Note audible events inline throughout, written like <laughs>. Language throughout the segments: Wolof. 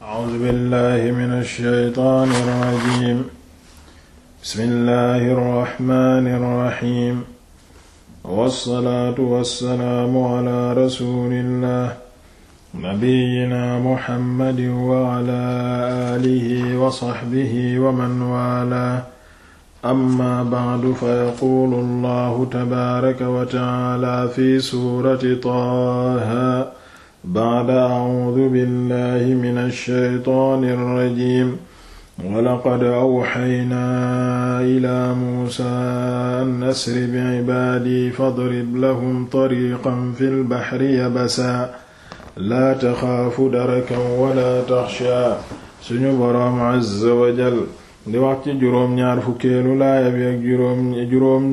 A'uuzu billaahi mina shaytaani rajiim bismillaahi rahmaani rahiim wassalaatu wassalaamu alaa rasuulillaah nabiyyinaa Muhammadin wa alaa aalihi wa sahbihi wa man waalaa ammaa ba'du fayaquulu Allaahu tabaaraka wa ta'aalaa fi suurati Taaha ba'da a'uudu billahi mina shaytaani rajiim walaqad awxaynaa ilaa muusaa an asri bi'ibaadii fadrib lahum tariiqan fil bahri yabasaa laa taxaafu darakan walaa taxshaa suñu boroom azza wa jal di wax ci juróom ñaar fukkeelu laaya bi ak juróom juróom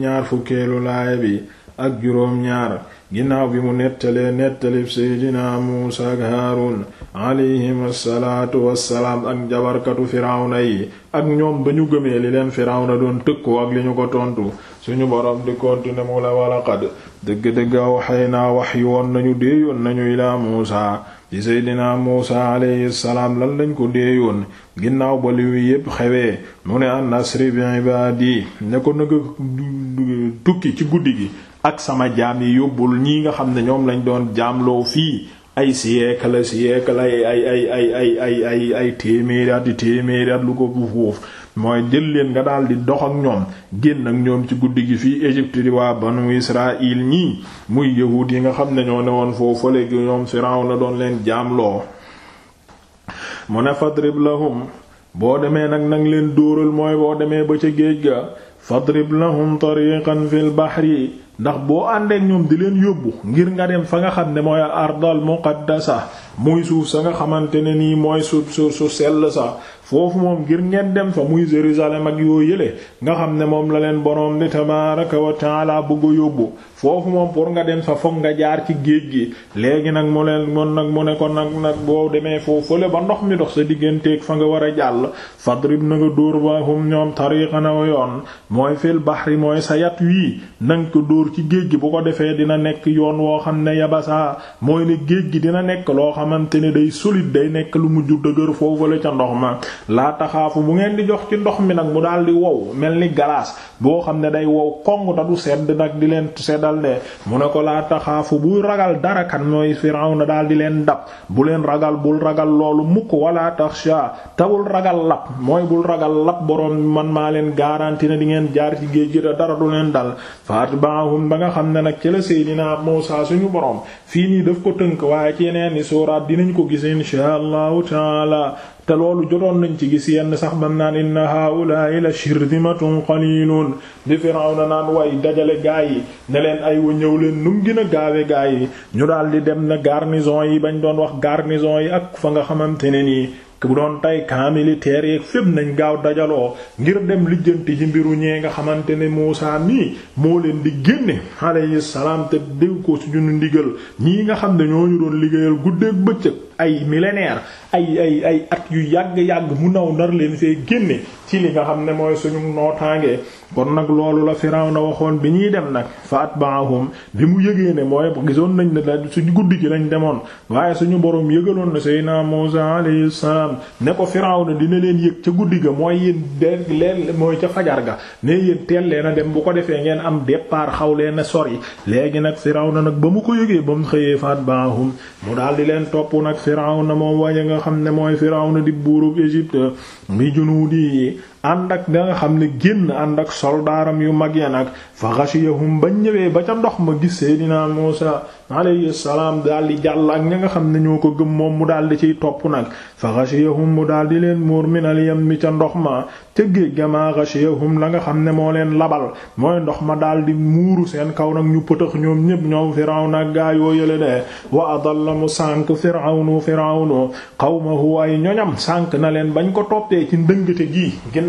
ñaar fukkeelu laaya bi ak juróom-ñaar ginnaaw bi mu nettalee nettalib seydinaa muusa ak haarun alayhim assalaatu wassalaam ak jabarkatu firawna yi ak ñoom ba ñu gëmee li leen firawna doon tëkku ak li ñu ko tontu suñu boroom di continuer mu la walaqad dëgg-dëgg awxaynaa waxyu woon nañu déeyoon nañu ilaa muusa ci seydinaa muusa alayhi salaam lan lañ ko déeyoon ginnaaw ba liyu yépp xewee mu ne an asri bi ibaadi ne ko nëga tukki ci guddi gi ak sama jaam yi yóbbul ñii nga xam ne ñoom lañ doon jaamloo fii ay siècle siècle ay ay ay ay ay ay ay ay téeméeri at di téeméeri at lu ko bu mooy jël leen nga daal di dox ak ñoom génn ak ñoom ci guddi gi fii Égypte di waa banu Israël ñii muy yahuud yi nga xam ne ñoo ne woon foofu léegi ñoom Firawna doon leen jaamloo mu ne fadrib lahum boo demee nag nag leen dóoral mooy boo demee ba ca géej ga fadrib lahum tariqan fil bahri ndax boo àndeek ñoom di leen yóbbu ngir nga dem fa nga xam ne mooy ardal muqaddasa mooy suuf sa nga xamante ne nii mooy su su su sell sa foofu moom ngir ngeen dem fa muy Jérusalem ak yoo yële nga xam ne moom la leen borom bi tabaaraka wa taala bëgg a yóbbu foofu moom pour nga dem fa foog nga jaar ci géej gi léegi nag mu leen moon nag mu ne ko nag nag boo demee foofu fële ba ndox mi dox sa digganteeg fa nga war a jàll fadrib na nga dóor bahum ñoom na aw yoon mooy fil bahri mooy sa yat wii nanga ko dóor ci géej gi bu ko defee dina nekk yoon woo xam ne yabasaa mooy ne géej gi dina nekk loo xamante ne day solide day nekk lu mujj dëgër foofu la ca ndox ma laa taxaafu bu ngeen di jox ci ndox mi nag mu daal di wow mel ni galaas boo xam ne day wow kong ta du sedd nag di leen seddal de mu ne ko laa taxaafu bu ragal dara kan mooy Firawna daal di leen dab bu leen ragal bul ragal loolu mukk wala taxsha te bul ragal lap mooy bul ragal lap borom man maa leen garanti na di ngeen jaar ci géej gi dara du leen dal faatbaahum ba nga xam ne nag ci la Seydina Muusaa suñu borom fii nii daf ko tënk waaye ci yeneen i sooraat dinañ ko gis inshaa te loolu jotoon nañ ci gis yenn sax man naan inna haa'ulaa'i la shirdimatun qaliilun di Firawna naan way dajale gaa yi ne leen ay wa ñëw leen nu mu gën a gaawe gaa yi ñu daal di dem na garnison yi bañ doon wax garnison yi ak fa nga xamante ne nii bu doon tey camp militaire yeeg fépp nañ gaaw dajaloo ngir dem lijjanti ci mbiru ñee nga xamante ne Muusaa nii moo leen di génne alayhi salaam te dégg ko suñu ndigal ñii nga xam ne ñoo ñu doon liggéeyal guddeeg bëccëg ay millénaire ay ay ay at yu yàgg-yàgg mu naw nar leen fee génne ci li nga xam ne mooy suñu nootaange kon nag loolu la Firawna waxoon bi ñuy dem nag fa atbaahum bi mu yëgee ne mooy gisoon nañ ne la suñu guddi gi lañ demoon waaye suñu borom yëgaloon na Seydina Muusaa alayhi salaam ne ko Firawna dina leen yëg ca guddi ga mooy yéen de leen mooy ca fajar ga ne yéen teel leen a dem bu ko defee ngeen am départ xaw leen a sori léegi nag Firawna nag ba mu ko yëgee ba mu xëyee fa atbaahum mu daal leen topp nag Firawna moom waña nga nga xam ne mooy firawna di buurub Égypte bi junuudi ànd ak nga xam ne génn ànd ak soldaaram yu mag ya nag fa ghashiyahum ba ñëwee ba ca ndox ma gis Seydina Muusa alayhi salaam dal di jàll ak ña nga xam ne ñoo ko gëm moom mu daal di ciy topp nag fa ghashiyahum mu daal di leen muur minal yammi ca ndox ma ca géej ga ma ghashiyahum la nga xam ne moo leen labal mooy ndox ma daal di muuru seen kaw nag ñu pëtëx ñoom ñépp ñoom Firawna ak gaa yoo yële de wa adalla mu sànk Firawnu Firawnu qawmahu ay ñoñam sànk na leen bañ ko toppee ci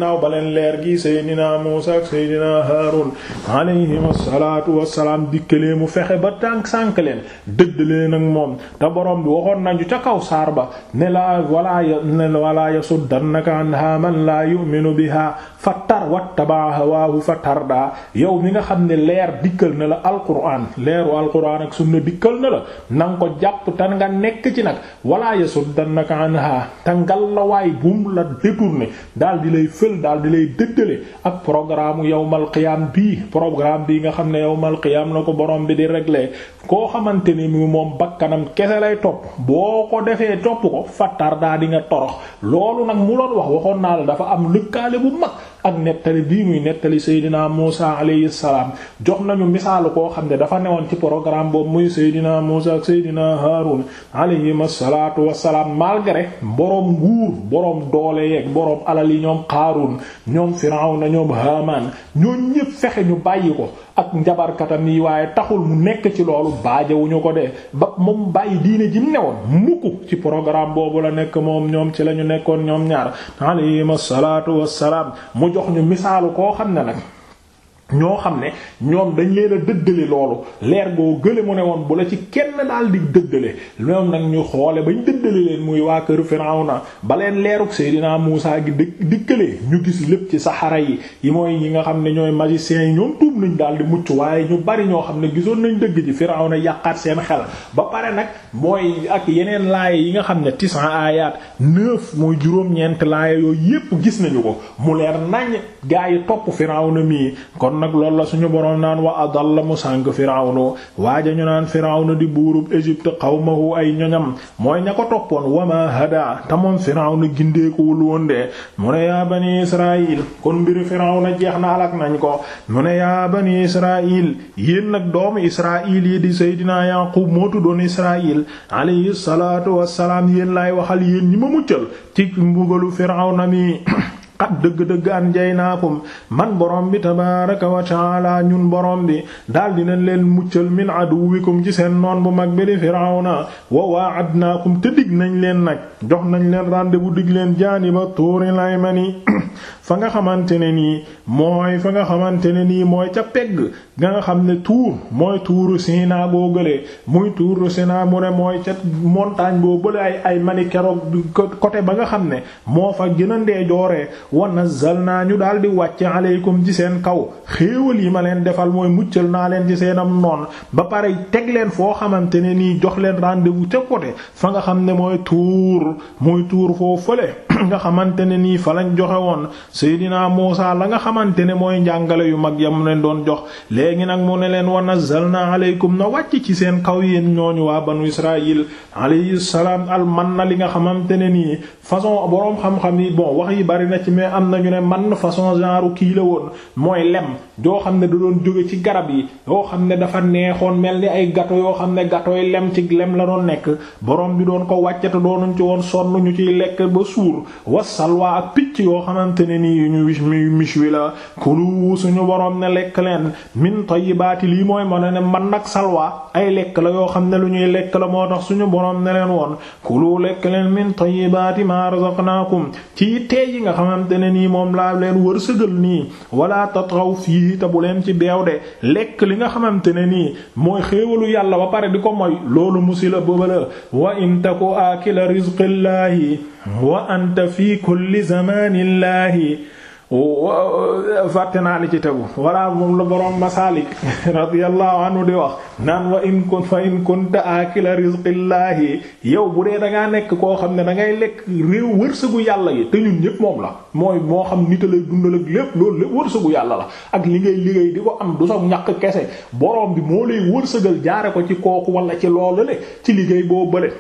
ginnaaw ba leen leer gi Seydina Muusa ak Seydina Haarun alayhim asalaatu wasalaam dikkalee mu fexe ba tànk sànk leen dëdd leen ak moom te boroom bi waxoon nañu ca kaw saar ba ne la walaa ya ne walaa yasuddannaka anha man laa yu'minu biha fattar wattaba hawaahu fatarda yow mi nga xam ne leer dikkal na la alquran leeru alquran ak sunna dikkal na la nanga ko jàpp tan nga nekk ci nag walaa yasuddannaka anha te ngal la waay bum la détourné daal lay fël jël daal di lay dëddale ak programme yow qiyam bii programme bii nga xam ne yow qiyam na ko borom bi di regle koo xamante ni mu moom bakkanam kese lay topp boo ko defee topp ko fattar daa di nga torox loolu nag mu doon wax waxoon naa la dafa am lëkkaale bu mag ak nettali bii muy nettali Seydina Muusa alayhi salaam jox nañu misaalu koo xam ne dafa newoon ci programme boobu muy Seydina Muusa ak Seydina Haarun alayhim salaatu wassalaam malgré boroom nguur boroom doole yeeg boroom alal yi ñoom Qaaruun ñoom Firawna ñoom Haamaan ñoo ñépp fexe ñu bàyyi ko ak njabarkatam yi waaye taxul mu nekk ci loolu baajawuñu ko de ba mu bàyyi diine ji mu newoon mukk ci programme boobu la nekk moom ñoom ci la ñu nekkoon ñoom ñaar alayhim asalaatu wassalaam mu jox ñu misaalu koo xam ne nag ñoo xam ne ñoom dañ leen a dëddale loolu leer boo gële mu ne woon bu la ci kenn daal di dëddale ñoom nag ñu xoole bañ dëddale leen muy waa kër Firawna ba leen leerug Seydina Muusaa gi di dikkalee ñu gis lépp ci saxara yi yi mooy yi nga xam ne ñooy magiciens yi ñoom tuub nañ daal di mucc waaye bari ñoo xam ne gisoon nañ dëgg ji Firawna yàqaat seen xel ba pare nag mooy ak yeneen laaya yi nga xam ne tisan aayaat neuf mooy juróom-ñeent laaya yooyu yépp gis nañu ko mu leer nañ gaa yi topp Firawna mi kon nag loolu la suñu boroom naan wa adalla mu sànk firawnu waaja ñu naan firawnu di buurub Égypte qawmahu ay ñoñam mooy ña ko toppoon wama hada te moom firawnu gindeekuwul woon de mu ne yaa bani israil kon mbiri firawna jeex na alak nañ ko mu ne yaa bani israil yéen nag doomu israil yi di seydinaa yaqub moo tuddoon israil alayhi salaatu wassalaam yéen laay waxal yéen ñi ma muccal ci mbugalu firawna mi <clears throat> xat dëgg-dëgg an jay naakum man borom bi tabaaraka wa taala ñun borom bi daal dina leen muccal min aduwikum ci seen noon bu mag bi di firawna wa wa'adnaakum te dig nañ leen nag jox nañ leen rendez bu dig leen jaani ba tuuri laymani fa nga xamante ne nii mooy fa nga xamante ne nii mooy ca pegg nga nga xam ne tuur mooy tuuru Sinaa boo gëlee muy tuuru Sinaa mu ne mooy ca montagne boo bële ay ay mani keroog côté ba nga xam ne moo fa gën a war na wa naa ñu daal di wàcce aleykum ci seen kaw xéewal yi ma leen defal mooy muccal naa leen ci seen am noon ba pare teg leen foo xamante ne nii jox leen rendez-vous ca côté fa nga xam ne mooy tuur mooy tuur foo fële <coughs> nga xamante ne nii fa lañ joxe Seydina Muusa la nga xamante ne mooy njàngale yu mag yam leen doon jox léegi nag mu ne leen wa nazzalna aleykum na wàcc ci seen kaw yéen ñooñu waa banu Israil alayhi salaam al man na li nga xamante ne nii façon boroom xam-xam yi bon wax yi bari na ci mais am na ñu ne man façon genre kii la woon mooy lem joo xam ne da doon jóge ci garab yi yoo xam ne dafa neexoon mel ni ay gato yoo xam ne gato yi lem ci lem la doon nekk boroom bi doon ko wàccate doonuñ ci woon sonn ñu ciy lekk ba suur nii yu ñu wis mi mich wi la kulu suñu boroom ne lekk leen min tayyibaati lii mooy mo ne man nag salwa ay lekk la yoo xam ne lu ñuy lekk la moo tax suñu boroom ne leen woon kulu lekk leen min tayyibaati ma razaqnaakum ci tey yi nga xamante ne nii moom laa leen wërsëgal nii wala tatghaw fiihi te leen ci beew de lekk li nga xamante ne nii mooy xéewalu yàlla ba pare di ko moy loolu musila boobala wa in taku akila rizqillahi wa anta fi kulli zamanillahi fàtte naa li ci tegu walla moom la boroom masaalik <laughs> radiyallahu anhu di wax naan wa in kun fa in kunta yow bu dee da ngaa nekk koo xam ne da ngay lekk réew wërsëgu yàlla yi te ñun ñépp moom la mooy moo xam nit a lay dundal ak lépp loolu lépp wërsëgu yàlla la ak li ngay liggéey di ko am du sa ñàkk kese boroom bi moo lay wërsëgal jaare ko ci kooku wala ci loolu le ci liggéey boo bële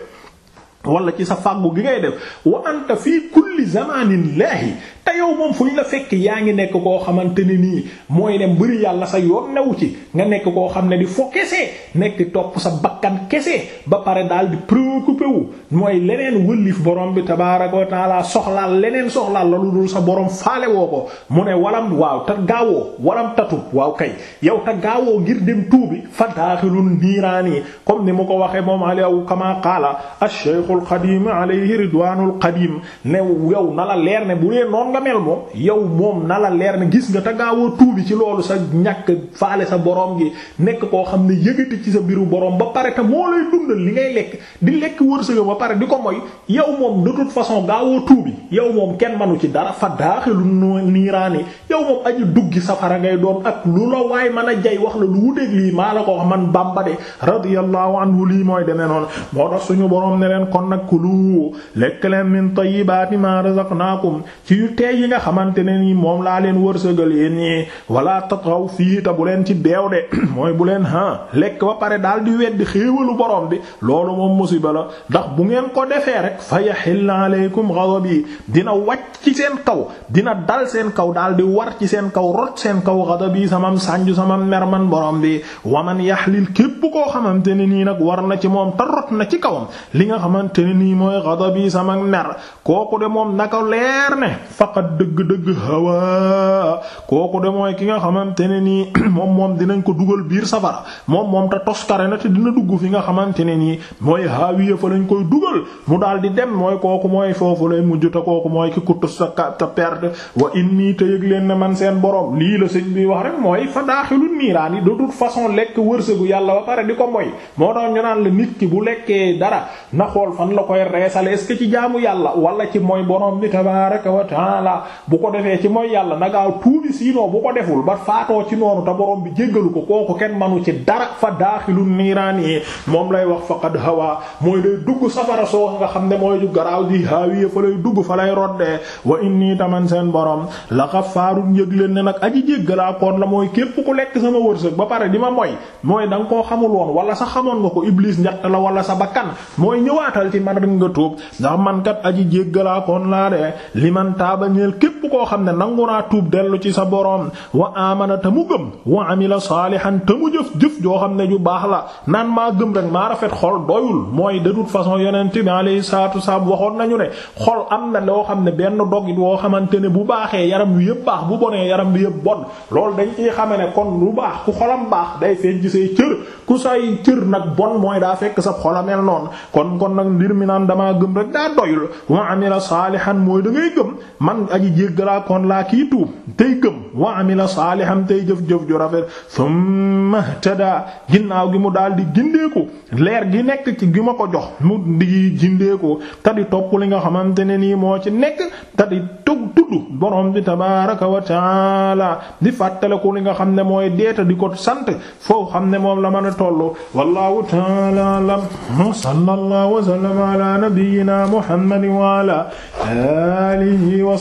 wala ci sa fàggu gi ngay def wa anta fii kulli zamanin te yow moom fu ñu la fekk yaa ngi nekk koo xamante ne nii mooy ne mbiri yàlla sa yoon new ci nga nekk koo xam ne di fo kese nekk topp sa bakkan kese ba pare daal di préoccupé wu mooy leneen wëllif borom bi tabaaraka wa taala soxlaal leneen soxlaal la lu dul sa borom faale woo ko mu ne walam waaw te gaawoo walam tatub waaw kay yow te gaawoo ngir dem tuubi fa daaxilun niiraani comme ni mu ko waxee moom aliaw kama qaala ash-shaykhul qadim alayhi ridwanul yow na la leer ne mel moom yow moom na la leer ne gis nga te gaawoo tuubi ci loolu sa ñàkk faale sa borom gi nekk koo xam ne yëgati ci sa biiru borom ba pare te moo lay dundal li ngay lekk di lekk wërsëga ba pare di ko moy yow moom de toute façon gaawoo tuubi yow moom kenn manu ci dara fa daaxilu niiraani yow moom aji duggi safara ngay doon ak lu la waay mën a jay wax la lu wuteeg lii maa la ko wax man Bamba de radiyallahu anhu lii mooy demee noonu moo tax suñu borom ne leen kon nag kulu lekk leen min teey yi nga xamante ne nii moom laa leen wërsëgal yéen ñii wala tataw fii ta bu leen ci beew de <clears throat> mooy bu leen ha lekk ba pare daal di weddi xéewalu borom bi loolu moom musiba la ndax bu ngeen ko defee rek fa yaxill aleykum ghadabi dina wàcc ci seen kaw dina dal seen kaw daal di war ci seen kaw rot seen kaw ghadabi samam sànju samam man borom bi wa waman yaxlil képp koo xamante ne nii nag war na ci moom te rot na ci kawam li nga xamante ne nii mooy faqat dëgg-dëgg hawa kooku de mooy ki nga xamante ne nii <clears throat> moom moom dinañ ko dugal biir safara moom moom te toskare na te dina dugg fi nga xamante ne nii mooy hawiya fa lañ koy dugal mu daal di dem mooy kooku mooy foofu lay mujj te kooku mooy ki kuttu sa ta perte wa inni te yëg leen ne man seen borom lii la sëñ bi wax rek mooy fa daaxilun niiraan yi de toute façon lekk wërsëgu yàlla ba pare di ko moy moo tax ñu naan la nit ki bu lekkee dara na xool yàlla wala ci mooy borom bi taala bu ko defee ci mooy yàlla na gaaw tuubi siinoo bu ko deful ba faatoo ci noonu te borom bi jéggalu ko kooku kenn manu ci dara fa daaxilu niiraan yi moom lay wax faqad hawa mooy day dugg safara soo nga xam ne mooy ju garaaw di haawiya fa lay dugg fa lay roddee wa inni taman seen borom la xafaarun yëg leen ne nag aji jéggalaa koon la mooy képp ku lekk sama wërsëg ba pare di ma moy mooy da nga koo xamul woon wala sa xamoon nga ko iblis njatt la wala sa bakkan mooy ñëwaatal ci man rek nga tuub ñeel képp koo xam ne nangu naa tuub dellu ci sa boroom wa amana te mu gëm wa amila saalihan te mu jëf jëf joo xam ne ju baax la naan maa gëm rek maa rafet xol doyul mooy de toute façon yonent bi alayhi salaatu wassalaam waxoon nañu ne xol am na loo xam ne benn dogit woo xamante ne bu baaxee yaram wi yëpp baax bu bonee yaram wi yëpp bon loolu dañ ciy xame ne kon lu baax ku xolam baax day feeñ ci say cër ku say cër nag bon mooy daa fekk sa xolamel noonu kon kon na mbir mi naan damaa gëm rek daa doyul kon aji jéggalaa kon laa kii tuub tey gëm wa amila saalihan tey jëf-jëf ju rafet summa tada ginnaaw gi mu daal di gindeeku leer gi nekk ci gi ma ko jox mu di gindeeku te di topp li nga xamante ne nii moo ci nekk te di tug tudd borom bi tabaraka wa taala di fàttaliku li nga xam ne mooy deeta di ko sant foo xam ne moom la mën a toll wallahu taala alam sallallahu wa sallama ala nabiyyina muhammadin wa